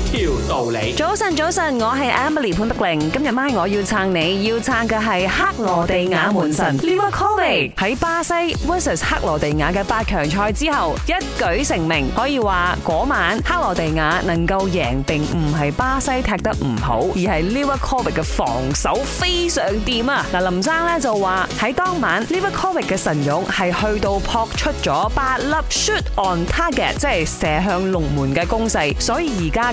條道理。早晨，早晨，我係 Emily 潘德玲。今日晚我要撐你，要撐嘅係克羅地亞門神 Livaković 喺巴西 vs 克羅地亞嘅八強賽之後一舉成名。可以話嗰晚克羅地亞能夠贏，並唔係巴西踢得唔好，而係 Livaković 嘅防守非常掂啊！嗱，林生咧就話喺當晚 Livaković 嘅神勇係去到撲出咗八粒 shoot on target，即係射向龍門嘅攻勢，所以而家。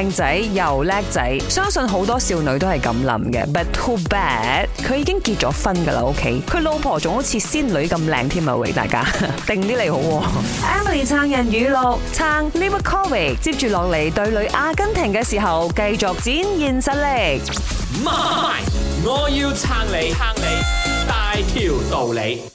靚仔又叻仔，相信好多少女都係咁諗嘅。But too bad，佢已經結咗婚噶啦，屋企佢老婆仲好似仙女咁靚添啊！喂，大家定啲嚟好，啊，Emily 撐人語錄，撐 Livaković 接住落嚟對壘阿根廷嘅時候，繼續展現實力。我要撐你，撐你，大條道理。